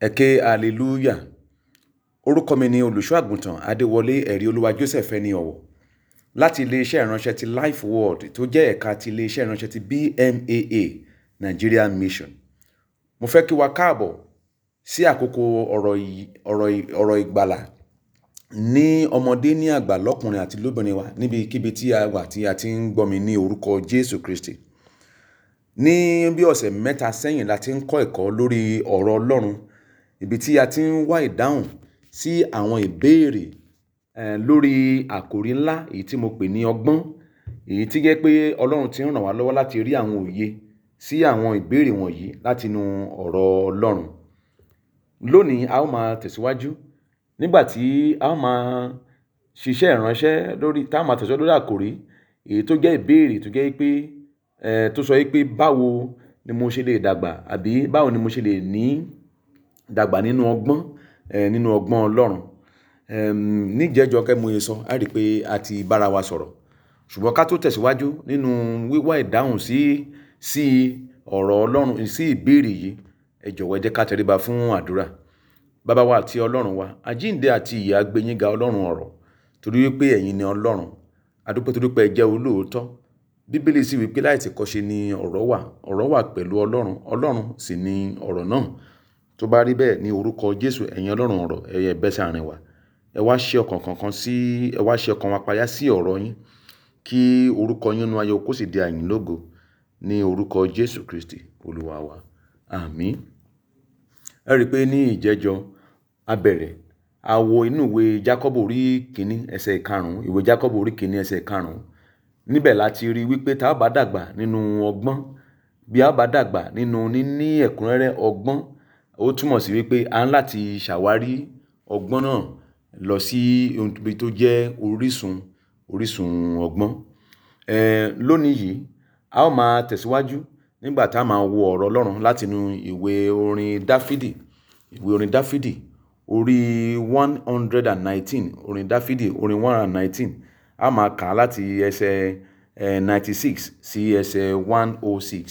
Ẹ ké alelúyà. Orúkọ mi ni olùṣọ́ àgùntàn Adéwọlé ẹ̀rí olúwa Joseph ẹni ọ̀wọ̀. Láti iléeṣẹ́ ìránṣẹ́ ti Life World tó jẹ́ ẹ̀ka ti iléeṣẹ́ ìránṣẹ́ ti BMAA Nigeria Mission. Mo fẹ́ kí wa káàbọ̀ sí àkókò ọ̀rọ̀ ìgbàlà ní ọmọdé ní àgbà lọ́kùnrin àti lóbìnrin wa níbikíbi tí a wà tí a ti ń gbọ́ mi ní orúkọ Jésù Kristi. Ní bí ọ̀sẹ̀ mẹ́ta sẹ́yìn la ti ń kọ́ ẹ̀kọ́ lórí ọ̀rọ̀ Ọlọ́run ibi tí a ti ń wá ìdáhùn sí àwọn ìbéèrè eh, lórí àkòrí ńlá èyí tí mo pè ní ọgbọ́n èyí tí jẹ́ pé Ọlọ́run ti ń ràn wá lọ́wọ́ láti rí àwọn òye sí àwọn ìbéèrè wọ̀nyí látinú ọ̀rọ̀ Ọlọ́run. Lónìí a ó máa tẹ̀síwájú nígbà tí a ó máa ṣiṣẹ́ ìránṣẹ́ lórí tá a máa tẹ̀síwájú lórí àkòrí èyí tó jẹ́ ìbéèrè tó jẹ́ pé tó sọ pé báwo ni mo ṣe lè dàgbà àbí báwo ni mo ṣe lè ní dàgbà nínú ọgbọ́n, eh, nínú ọgbọ́n Ọlọ́run. Ní ìjẹ́jọ́ gẹ́gẹ́ bi mo se sọ, a rí pé a ti bára wa sọ̀rọ̀. Ṣùgbọ́n ká tó tẹ̀síwájú nínú wíwá ìdáhùn sí, sí ọ̀rọ̀ Ọlọ́run, sí ìbéèrè yìí, ẹ jọ̀wọ́ ẹ jẹ́ ká tẹríba fún àdúrà. Baba wa àti Ọlọ́run wa, àjíǹde àti ìyè á gbé yín ga Ọlọ́run ọ̀rọ̀ torí wípé ẹ̀yin ni Ọlọ́run. A dúpẹ́ torí pé ẹ jẹ́ olóòótọ́. Bíbélì sì wípé láìsí kọ́ṣe ni ọ̀rọ̀ wà, ọ̀rọ̀ wà pẹ̀lú Ọlọ́run, Ọlọ́run sì ni ọ̀rọ̀ náà. Tó bá rí bẹ́ẹ̀ ní orúkọ Jésù, ẹ̀yin Ọlọ́run ọ̀rọ̀, ẹ bẹ́ sàárín wa. Ẹ wá ṣi ọkàn kankan sí, ẹ wá ṣi ọkàn wa payá sí ọ̀rọ̀ yín kí orúkọ yín nínú ayé wa kó sì di àyìn lógo ní orúkọ Jésù Kristi Olúwa wa. Àmín. Ẹ rí pé ní ìjẹ́jọ́ a bẹ̀rẹ̀, a wo inú ìwé Jákọ́bù orí kìíní ẹsẹ̀ ìkarùn-ún, ìwé Jákọ́bù orí kìíní ẹsẹ̀ ìkarùn-ún. Níbẹ̀ la ti rí wípé tá a bá dàgbà nínú ọgbọ́n, bí a bá dàgbà nínú níní ẹ̀kúnrẹ́rẹ́ ọgbọ́n ó túmọ̀ sí wípé a ń láti ṣàwárí ọgbọ́n náà lọ sí ohun bí tó jẹ́ orísun, orísun ọgbọ́n. Ehn, lónìí yìí, a ó máa tẹ̀síwájú nígbà tá a máa wo ọ̀rọ̀ Ọlọ́run láti ìwé orin Dafidi, ìwé orin Dafidi, orí one hundred and nineteen, orin Dafidi, orin one hundred and nineteen. A máa kà á láti ẹsẹ̀ ninety six sí ẹsẹ̀ one oh six,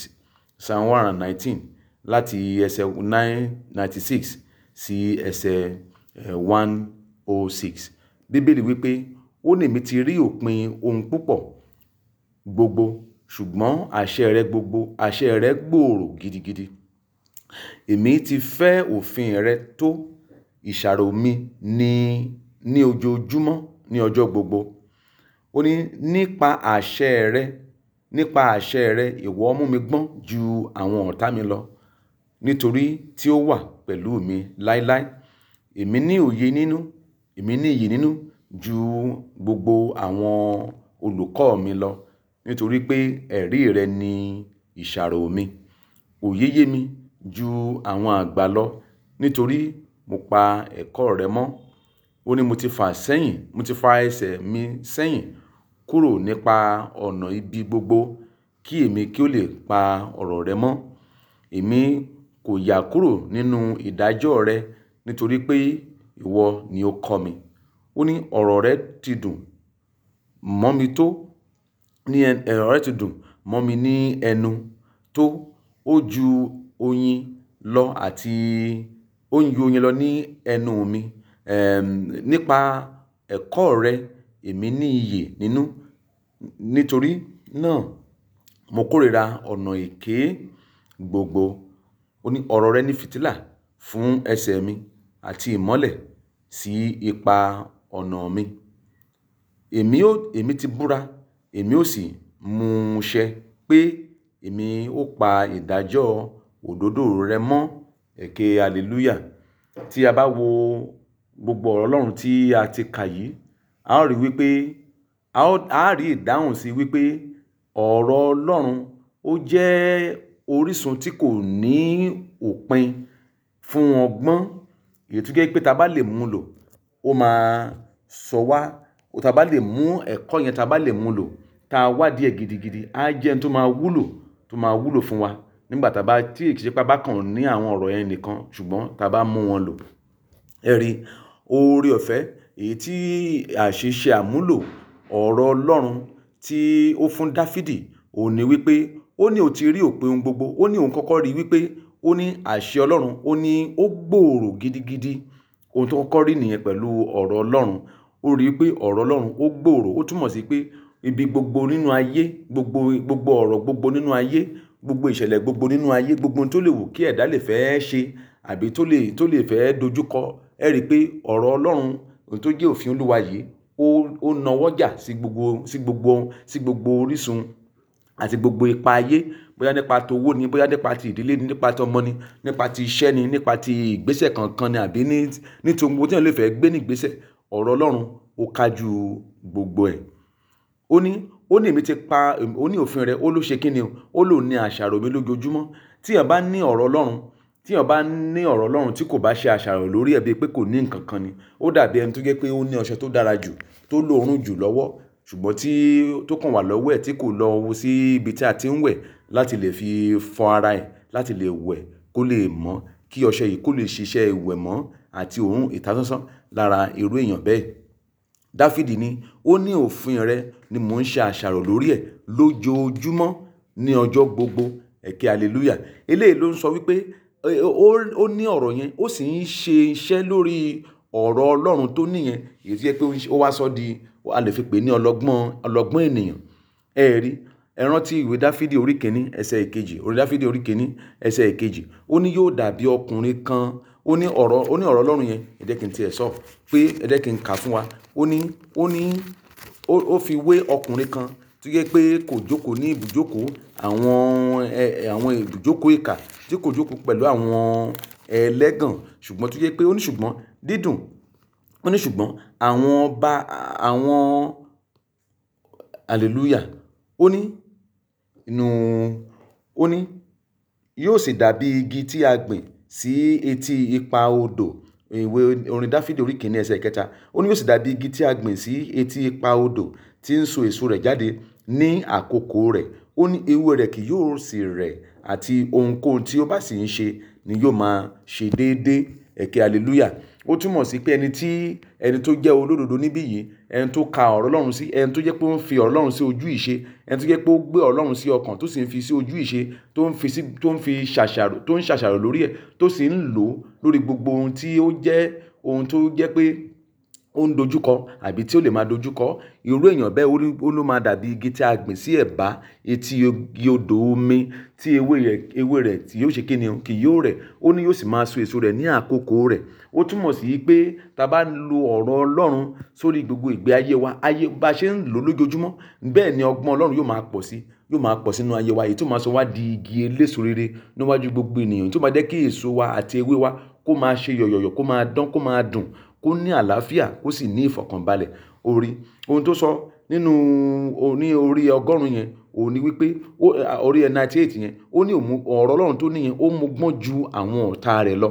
Psalm one and nineteen láti ẹsẹ̀ 996 sí ẹsẹ̀ 106. Eh, Bíbélì wípé ó ní èmi ti rí òpin ohun púpọ̀ gbogbo ṣùgbọ́n àṣẹ rẹ gbogbo àṣẹ rẹ gbòòrò gidigidi. Èmi ti fẹ́ òfin rẹ tó ìṣàrò mi ní ní ojoojúmọ́ ní ọjọ́ gbogbo. Ó ní nípa àṣẹ rẹ, nípa àṣẹ rẹ ìwọ mú mi gbọ́n ju àwọn ọ̀tá mi lọ nítorí tí ó wà pẹ̀lú mi láíláí. Èmi ní òye nínú, èmi ní iyì nínú ju gbogbo àwọn olùkọ́ mi lọ nítorí pé ẹ̀rí rẹ̀ ni ìṣàrò mi. Òye yé mi ju àwọn àgbà lọ nítorí mo pa ẹ̀kọ́ rẹ̀ mọ́. Ó ní mo ti fà sẹ́yìn, mo ti fa ẹsẹ̀ mi sẹ́yìn kúrò nípa ọ̀nà ibi gbogbo kí èmi kí ó lè pa ọ̀rọ̀ rẹ̀ mọ́. Èmi kò yà kúrò nínú ìdájọ́ rẹ̀ nítorí pé ìwọ ni ó kọ́ mi. Ó ní ọ̀rọ̀ rẹ ti dùn mọ́ mi tó, ní ọ̀rọ̀ rẹ ti dùn mọ́ mi ní ẹnu tó. Ó ju oyin lọ àti ó ń ju oyin lọ ní ẹnu mi. nípa ẹ̀kọ́ rẹ èmi ní iyè nínú. Nítorí náà mo kórìíra ọ̀nà èké gbogbo. Ó ní ọ̀rọ̀ rẹ ní fìtílà fún ẹsẹ̀ mi àti ìmọ́lẹ̀ sí ipa ọ̀nà mi. Èmi ó, èmi ti búra, èmi ó sì mú un ṣẹ pé èmi ó pa ìdájọ́ òdodo rẹ mọ́. Èké hallelujah. Tí a bá wo gbogbo ọ̀rọ̀ Ọlọ́run tí a ti kà yìí, a ó rí wípé, a ó rí ìdáhùn sí wípé ọ̀rọ̀ Ọlọ́run ó jẹ́ orísun tí kò ní òpin fún ọgbọ́n èyí tó jẹ́ pé ta bá lè mú lò ó máa sọ wá, ta bá lè mú ẹ̀kọ́ yẹn ta bá lè mú lò ta wádìí ẹ̀ gidigidi á jẹ́ ohun tó máa wúlò tó máa wúlò fún wa nígbà ta bá tí kì í bá kàn ní àwọn ọ̀rọ̀ yẹn nìkan ṣùgbọ́n ta bá mú wọn lò. Ẹ oore ọ̀fẹ́ èyí tí àṣìṣe àmúlò ọ̀rọ̀ Ọlọ́run tí ó fún Dafidi òun wípé ó ní òun ti rí òpin ohun gbogbo ó ní òun kọ́kọ́ rí wípé ó ní àṣẹ ọlọ́run ó ní ó gbòòrò gidigidi ohun tó kọ́kọ́ rí nìyẹn pẹ̀lú ọ̀rọ̀ ọlọ́run ó rí pé ọ̀rọ̀ ọlọ́run ó gbòòrò ó túmọ̀ sí pé ibi gbogbo nínú ayé gbogbo gbogbo ọ̀rọ̀ gbogbo nínú ayé gbogbo ìṣẹ̀lẹ̀ gbogbo nínú ayé gbogbo tó lè wù kí ẹ̀dá lè fẹ́ ṣe àbí tó lè tó lè fẹ́ dojúkọ ẹ rí i pé ọ̀rọ̀ ọlọ́run ohun tó jẹ́ òfin olúwa yìí ó ó nawọ́jà sí gbogbo sí gbogbo sí gbogbo orísun àti gbogbo ipa ayé, bóyá nípa towó ni, bóyá nípa ti ìdílé ni, nípa ti ọmọ ni, nípa ti iṣẹ́ ni, nípa ti ìgbésẹ̀ kankan ni àbí ní, ní ti ohun gbogbo tí èèyàn lè fẹ́ gbé ní ìgbésẹ̀, ọ̀rọ̀ Ọlọ́run ó kájú gbogbo ẹ̀. Ó ní, ó ní èmi ti pa, ó ní òfin rẹ̀, ó ló ṣe kí ni o, ó lòun ní àṣàrò mi lójoojúmọ́. Tí èèyàn bá ní ọ̀rọ̀ Ọlọ́run, tí èèyàn bá ní ọ̀rọ̀ Ọlọ́run tí kò bá ṣe àṣàrò lórí ẹ̀ bíi pé kò ní nǹkan kan ni, ó dàbí ẹni tó jẹ́ pé ó ní ọṣẹ tó dára jù, tó lòórùn jù lọ́wọ́ ṣùgbọ́n tí tó kàn wà lọ́wọ́ ẹ̀ tí kò lọ wo sí ibi tí a ti ń wẹ̀ láti lè fi fọ ara ẹ̀ láti lè wẹ̀ kó lè mọ́ kí ọṣẹ yìí kó lè ṣiṣẹ́ ìwẹ̀ mọ́ àti òórùn ìtasánsán lára irú èèyàn bẹ́ẹ̀. Dáfídì ni ó ní òfin rẹ ni mò ń ṣe àṣàrò lórí ẹ̀ lójoojúmọ́ ní ọjọ́ gbogbo ẹ̀kẹ́ hallelujah. Eléyìí ló ń sọ wípé ó ní ọ̀rọ̀ yẹn ó sì ń ṣe iṣẹ́ lórí ọ̀rọ̀ Ọlọ́run tó níyẹn èyí tí ó wá sọ di a lè fi pè ní ọlọ́gbọ́n ọlọ́gbọ́n ènìyàn ẹ rí ẹ rántí ìwé dáfídì orí kìíní ẹsẹ̀ ìkejì orí dáfídì orí kìíní ẹsẹ̀ ìkejì ó ní yóò dàbí ọkùnrin kan ó ní ọ̀rọ̀ ó ní ọ̀rọ̀ ọlọ́run yẹn ẹ jẹ́ kí n tiẹ̀ sọ pé ẹ jẹ́ kí n kà fún wa ó ní ó ní ó fi wé ọkùnrin kan tó yẹ pé kò jókòó ní ibùjókòó àwọn ẹ àwọn ibùjókòó ìkà tí kò jókòó pẹ̀lú àwọn ẹlẹ́gàn ṣùgbọ́n tó yẹ pé ó ní ṣùgbọ́n dídùn Ó ní ṣùgbọ́n àwọn ọba, àwọn hallelujah. Ó ní inú, ó ní yóò sì dàbí igi tí a gbìn sí etí ipa odò. Ìwé orin Dafidi orí kìíní ẹsẹ̀ kẹta. Ó ní yóò sì dàbí igi tí a gbìn sí etí ipa odò tí ń so èso rẹ̀ jáde ní àkókò rẹ̀. Ó ní ewé rẹ̀ kì yóò sì rẹ̀ àti ohunkóhun tí ó bá sì ń ṣe ni yóò máa ṣe déédé ẹ̀kẹ́ hallelujah. Ó túmọ̀ sí pé ẹni tí ẹni tó jẹ́ olódodo níbí yìí, ẹni tó ka ọ̀rọ̀ Ọlọ́run sí, ẹni tó jẹ́ pé ó ń fi ọ̀rọ̀ Ọlọ́run sí ojú ìṣe, ẹni tó jẹ́ pé ó gbé ọ̀rọ̀ Ọlọ́run sí ọkàn tó sì ń fi sí ojú ìṣe, tó ń fi sí, tó ń fi ṣàṣàrò, tó ń ṣàṣàrò lórí ẹ̀, tó sì ń lò lórí gbogbo ohun tí ó jẹ́ ohun tó jẹ́ pé ó ń dojúkọ àbí tí ó lè máa dojúkọ irú èèyàn bẹ́ẹ̀ ó ló máa dàbí igi tí a gbìn sí ẹ̀bá etí odò omi tí ewé rẹ̀ ewé rẹ̀ tí yóò ṣe kíni kì yóò rẹ̀ ó ní yóò sì máa so èso rẹ̀ ní àkókò rẹ̀. Ó túmọ̀ sí pé tí a bá ń lo ọ̀rọ̀ Ọlọ́run sórí gbogbo ìgbé ayé wa, ayé bá ṣe ń lò lójoojúmọ́ bẹ́ẹ̀ ni ọgbọ́n Ọlọ́run yóò máa pọ̀ sí, yóò máa pọ̀ sínú ayé wa èyí tó máa sọ wá di igi eléso rere níwájú gbogbo ènìyàn, èyí tó máa jẹ́ kí èso wa àti ewé wa kó máa ṣe yọ̀yọ̀yọ̀, kó máa dán, kó máa dùn kó ní àlàáfíà kó sì ní ìfọ̀kànbalẹ̀ orí ohun tó sọ nínú ní orí ọgọ́rùn-ún yẹn ó ní wípé orí ẹ ninety eight yẹn ó ní òun ọ̀rọ̀ Ọlọ́run tó níyẹn ó mú gbọ́n ju àwọn ọ̀tá rẹ̀ lọ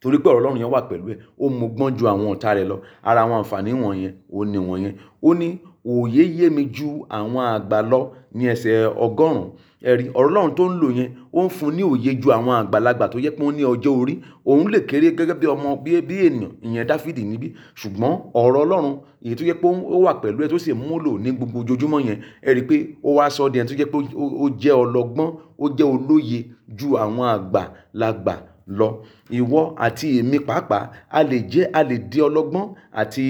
torí pé ọ̀rọ̀ Ọlọ́run yẹn wà pẹ̀lú ẹ̀ ó mú ju àwọn ọ̀tá rẹ̀ lọ ara àwọn àǹfààní wọ̀nyẹn ó ní wọ̀nyẹn ó ní òye yé mi ju àwọn àgbà lọ ní ẹsẹ̀ ọgọ́rùn-ún. Ẹ̀rí, ọ̀rọ̀ Ọlọ́run tó ń lò yẹn ó ń fún ní òye ju àwọn àgbàlagbà tó jẹ́ pé wọ́n ní ọjọ́ orí. Òun lè kéré gẹ́gẹ́ bí ọmọ bí ènìyàn, ìyẹn Dafidi níbí. Ṣùgbọ́n ọ̀rọ̀ Ọlọ́run èyí tó jẹ́ pé ó wà pẹ̀lú ẹ tó sì mú lò ní gbogbo ojoojúmọ́ yẹn, ẹ rí pé ó wá sọ di ẹni tó jẹ́ pé ó jẹ́ ọlọ́gbọ́n, ó jẹ́ olóye ju àwọn àgbàlagbà lọ. Ìwọ àti èmi pàápàá a lè jẹ́, a lè di ọlọ́gbọ́n àti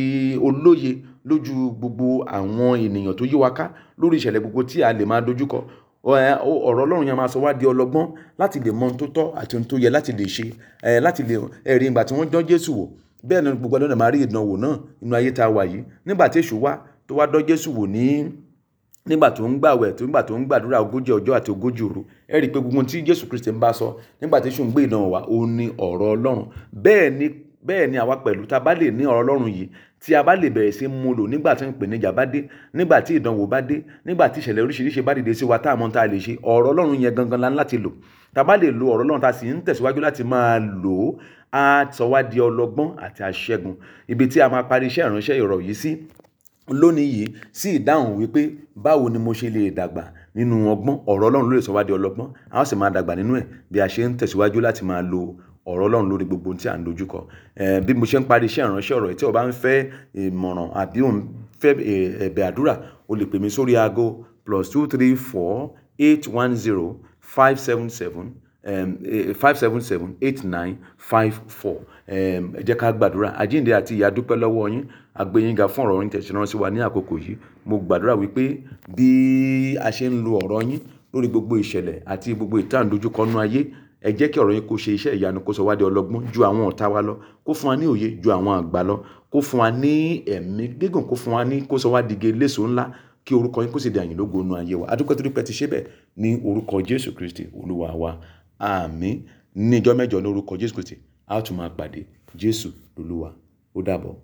olóye lójú gbogbo àwọn ènìyàn tó yí wa ká lórí ìṣẹ̀lẹ̀ gbogbo tí a lè máa dojúkọ. Ọ̀rọ̀ Ọlọ́run yẹn máa sọ wá di ọlọ́gbọ́n láti lè mọ ohun tó tọ́ àti ohun tó yẹ láti lè ṣe, eh, láti lè, ẹ rí ìgbà tí wọ́n dán Jésù wò. Bẹ́ẹ̀ náà ni gbogbo wa náà máa rí ìdánwò náà nínú ayé ta wà yìí. Nígbà tí èṣù wá tó wá dán Jésù wò ní nígbà tó ń gbàwẹ̀ tó nígbà tó ń gbàdúrà ogójì ọjọ́ àti ogójì òru ẹ rí i pé gbogbo tí Jésù Kristi ń bá sọ nígbà tí ṣùgbọ́n ìdánwò wa ó ní ọ̀rọ̀ Ọlọ́run bẹ́ẹ̀ ni bẹ́ẹ̀ ni àwa pẹ̀lú tá a bá lè ní ọ̀rọ̀ Ọlọ́run yìí tí a bá lè bẹ̀rẹ̀ sí mú lò nígbà tí ìpèníjà bá dé nígbà tí ìdánwò bá dé nígbà tí ìṣẹ̀lẹ̀ oríṣiríṣi bá dìde sí wa tá tá a lè ṣe ọ̀rọ̀ Ọlọ́run yẹn gangan la ń láti lò tá a bá lè lo ọ̀rọ̀ Ọlọ́run tá a sì ń tẹ̀síwájú láti máa lò ó á sọ wá di ọlọ́gbọ́n àti aṣẹ́gun ibi tí a máa parí iṣẹ́ ìránṣẹ́ ìrọ̀ yìí sí lónìí yìí sí ìdáhùn wípé báwo ni mo ṣe lè dàgbà nínú ọgbọ́n ọ̀rọ̀ Ọlọ́run ló lè sọ wá di ọlọ́gbọ́n a ó sì máa dàgbà nínú ẹ̀ bí a ṣe ń tẹ̀síwájú láti máa lo ọ̀rọ̀ Ọlọ́run lórí gbogbo ohun tí à ń dojúkọ bí mo ṣe ń parí iṣẹ́ ìránṣẹ́ ọ̀rọ̀ tí o bá ń fẹ́ ìmọ̀ràn àbí ò ń fẹ́ ẹ̀bẹ̀ àdúrà o lè pè mí sórí aago plus two three four eight one zero five seven seven Um, eh, five seven seven eight nine five four um, ẹ jẹ́ ká gbàdúrà àjíǹde àti ìyá dúpẹ́ lọ́wọ́ yín àgbẹ̀yìnga fún ọ̀rọ̀ yín tẹ̀sán ránṣẹ́ wa ní àkókò yìí mo gbàdúrà wípé bí a ṣe ń lo ọ̀rọ̀ yín lórí gbogbo ìṣẹ̀lẹ̀ àti gbogbo ìtàǹdójúkọ́nú ayé ẹ jẹ́ kí ọ̀rọ̀ yín kó ṣe iṣẹ́ ìyanu kó sọ wá ọlọ́gbọ́n ju àwọn ọ̀tá wa lọ kó fún wa ní òye ju àwọn àgbà lọ kó fún wa ní ẹ̀mí gígùn kó fún wa ní kó sọ wá ge léṣo ńlá kí orúkọ yín kó sì di àyìnlógo inú ayé wa adúpẹ́ torí pé ti ṣe bẹ́ẹ̀ ní orúkọ Jésù Kristi Olúwa wa àmín ní ìjọ mẹ́jọ lórúkọ Jésù Kristi a ó tún máa pàdé Jésù lolúwa ó dàbọ̀.